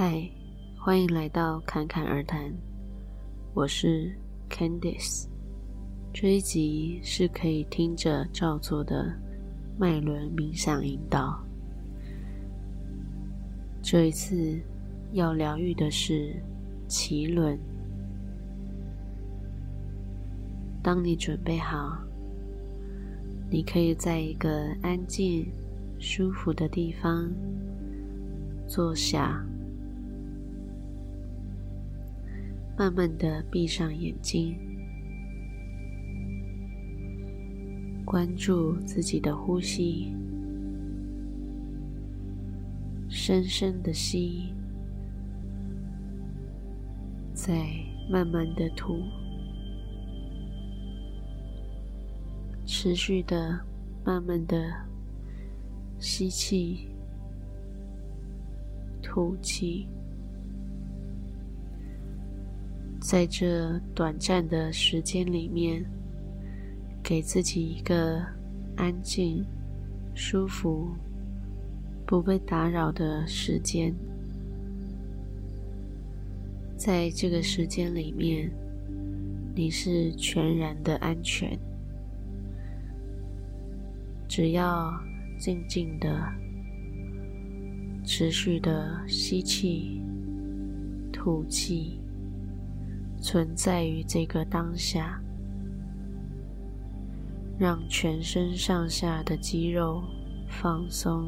嗨，歡迎來到侃侃而談。我是 Candice，這一集是可以聽着照做的脈輪冥想引導。這一次要療癒的是臍輪。當你準備好，你可以在一個安靜、舒服的地方坐下。慢慢的閉上眼睛，關注自己的呼吸，深深的吸，再慢慢的吐，持續的慢慢的吸氣、吐氣。在這短暫的時間裡面，給自己一個安靜、舒服、不被打擾的時間。在這個時間裡面，你是全然的安全。只要靜靜的、持續的吸氣、吐氣。存在於這個當下，讓全身上下的肌肉放鬆，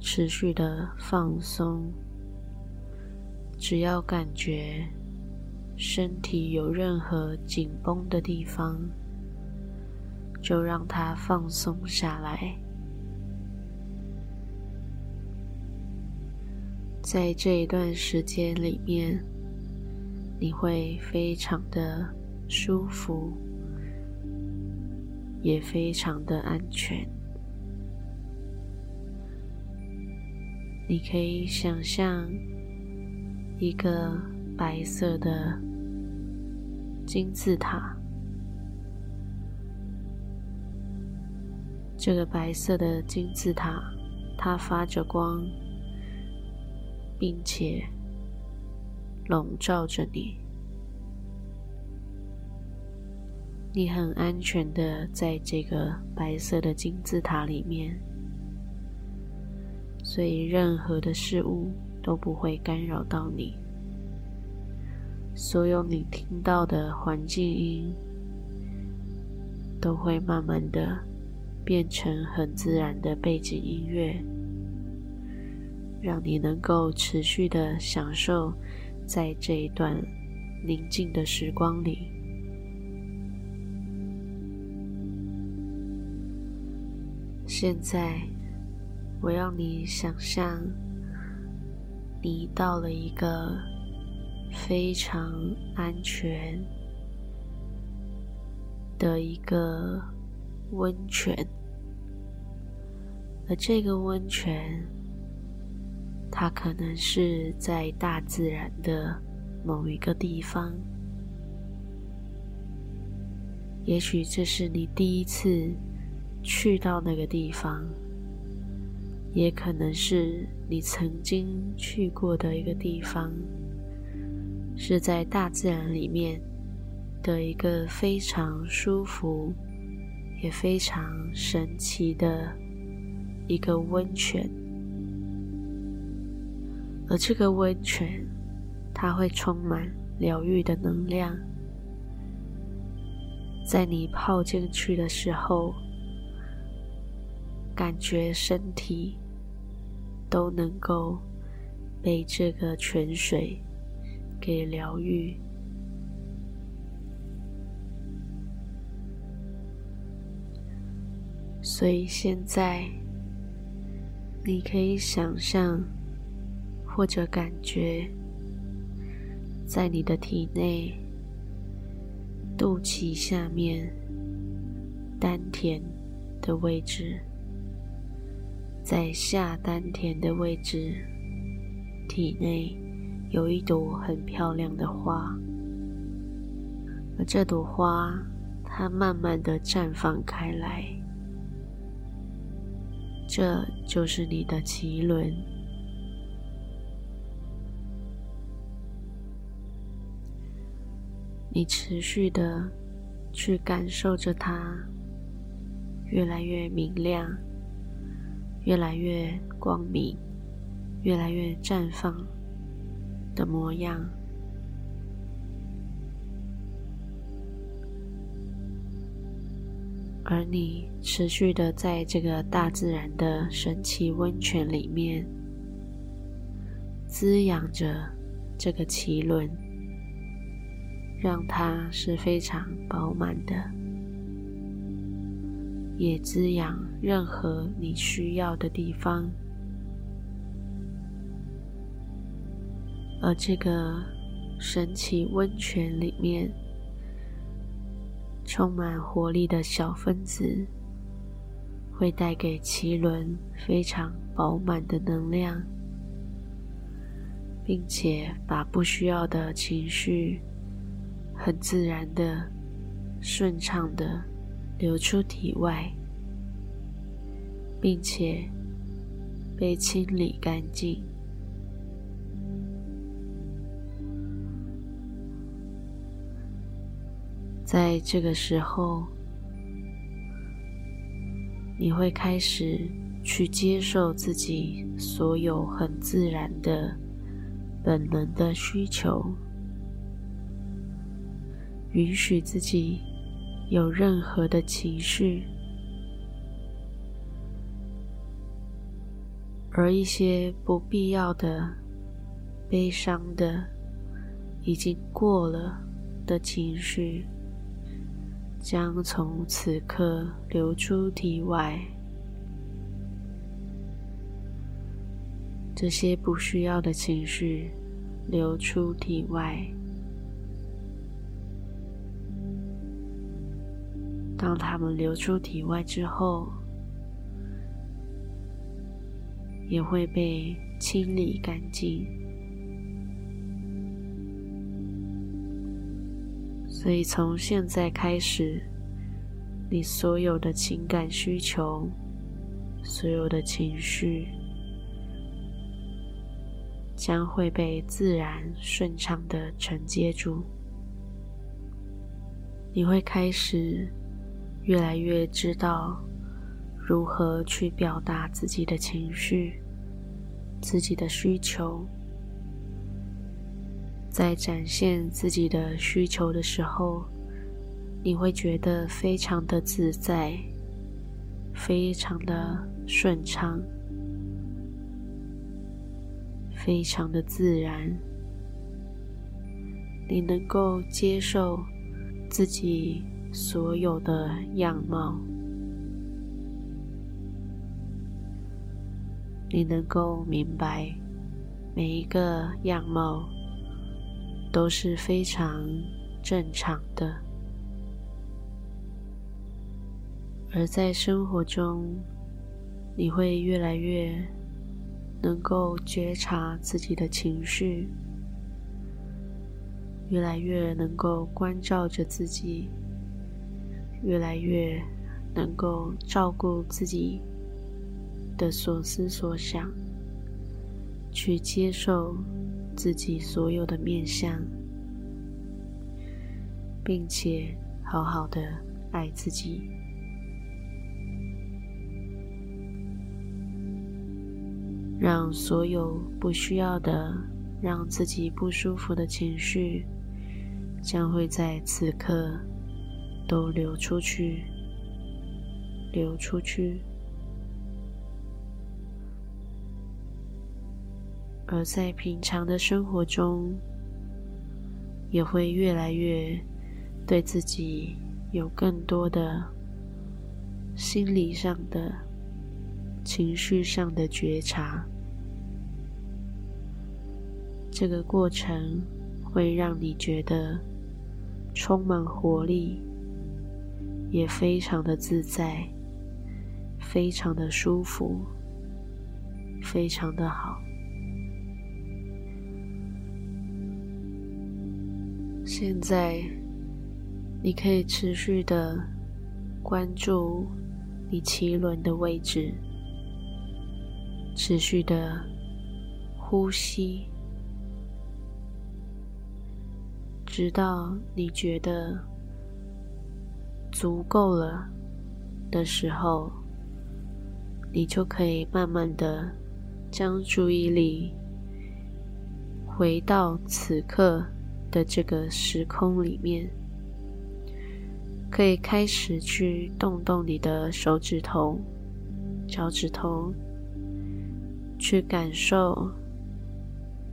持續的放鬆。只要感覺身體有任何緊繃的地方，就讓它放鬆下來。在這一段時間裡面，你會非常的舒服，也非常的安全。你可以想象一個白色的金字塔。這個白色的金字塔，它發着光。並且籠罩着你，你很安全的在這個白色的金字塔裡面，所以任何的事物都不會干擾到你。所有你聽到的環境音都會慢慢的變成很自然的背景音樂。讓你能夠持續的享受在這一段寧靜的時光裡。現在，我要你想象，你到了一個非常安全的一個溫泉，而這個溫泉。它可能是在大自然的某一個地方，也許這是你第一次去到那個地方，也可能是你曾經去過的一個地方，是在大自然裡面的一個非常舒服、也非常神奇的一個溫泉。而這個溫泉，它會充滿療癒的能量，在你泡進去的時候，感覺身體都能夠被這個泉水給療癒。所以現在，你可以想象。或者感覺，在你的體內，肚臍下面，丹田的位置，在下丹田的位置，體內有一朵很漂亮的花，而這朵花它慢慢的綻放開來，這就是你的臍輪。你持續地去感受着它越來越明亮，越來越光明，越來越綻放的模樣，而你持續地在這個大自然的神奇溫泉裡面滋養着這個臍輪。讓它是非常飽滿的，也滋養任何你需要的地方。而這個神奇溫泉裡面，充滿活力的小分子，會帶給臍輪非常飽滿的能量，並且把不需要的情緒，很自然的、順暢的流出體外，並且被清理乾淨。在這個時候，你會開始去接受自己所有很自然的、本能的需求。允許自己有任何的情緒，而一些不必要的、悲傷的、已經過了的情緒，將從此刻流出體外。這些不需要的情緒流出體外。當它們流出體外之後，也會被清理乾淨。所以從現在開始，你所有的情感需求、所有的情緒，將會被自然順暢地承接住。你會開始，越來越知道如何去表達自己的情緒、自己的需求。在展現自己的需求的時候，你會覺得非常的自在，非常的順暢，非常的自然。你能夠接受自己。所有的樣貌，你能夠明白，每一個樣貌都是非常正常的。而在生活中，你會越來越能夠覺察自己的情緒，越來越能夠關照着自己。越來越能夠照顧自己的所思所想，去接受自己所有的面相，並且好好的愛自己，讓所有不需要的、讓自己不舒服的情緒，將會在此刻。都流出去，流出去。而在平常的生活中，也會越來越對自己有更多的心理上的、情緒上的覺察。這個過程會讓你覺得充滿活力。也非常的自在，非常的舒服，非常的好。現在你可以持續的關注你臍輪的位置，持續的呼吸，直到你覺得足夠了的時候，你就可以慢慢的將注意力回到此刻的這個時空裡面，可以開始去動動你的手指頭、腳趾頭，去感受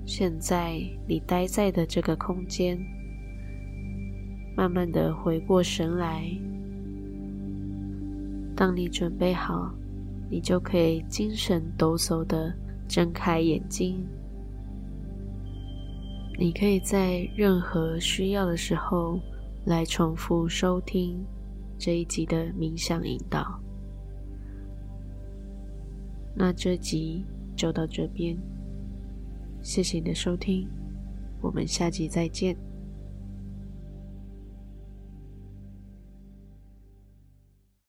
現在你待在的這個空間，慢慢的回過神來。當你準備好，你就可以精神抖擻的睜開眼睛。你可以在任何需要的時候來重複收聽這一集的冥想引導。那這集就到這邊，謝謝你的收聽，我們下集再見。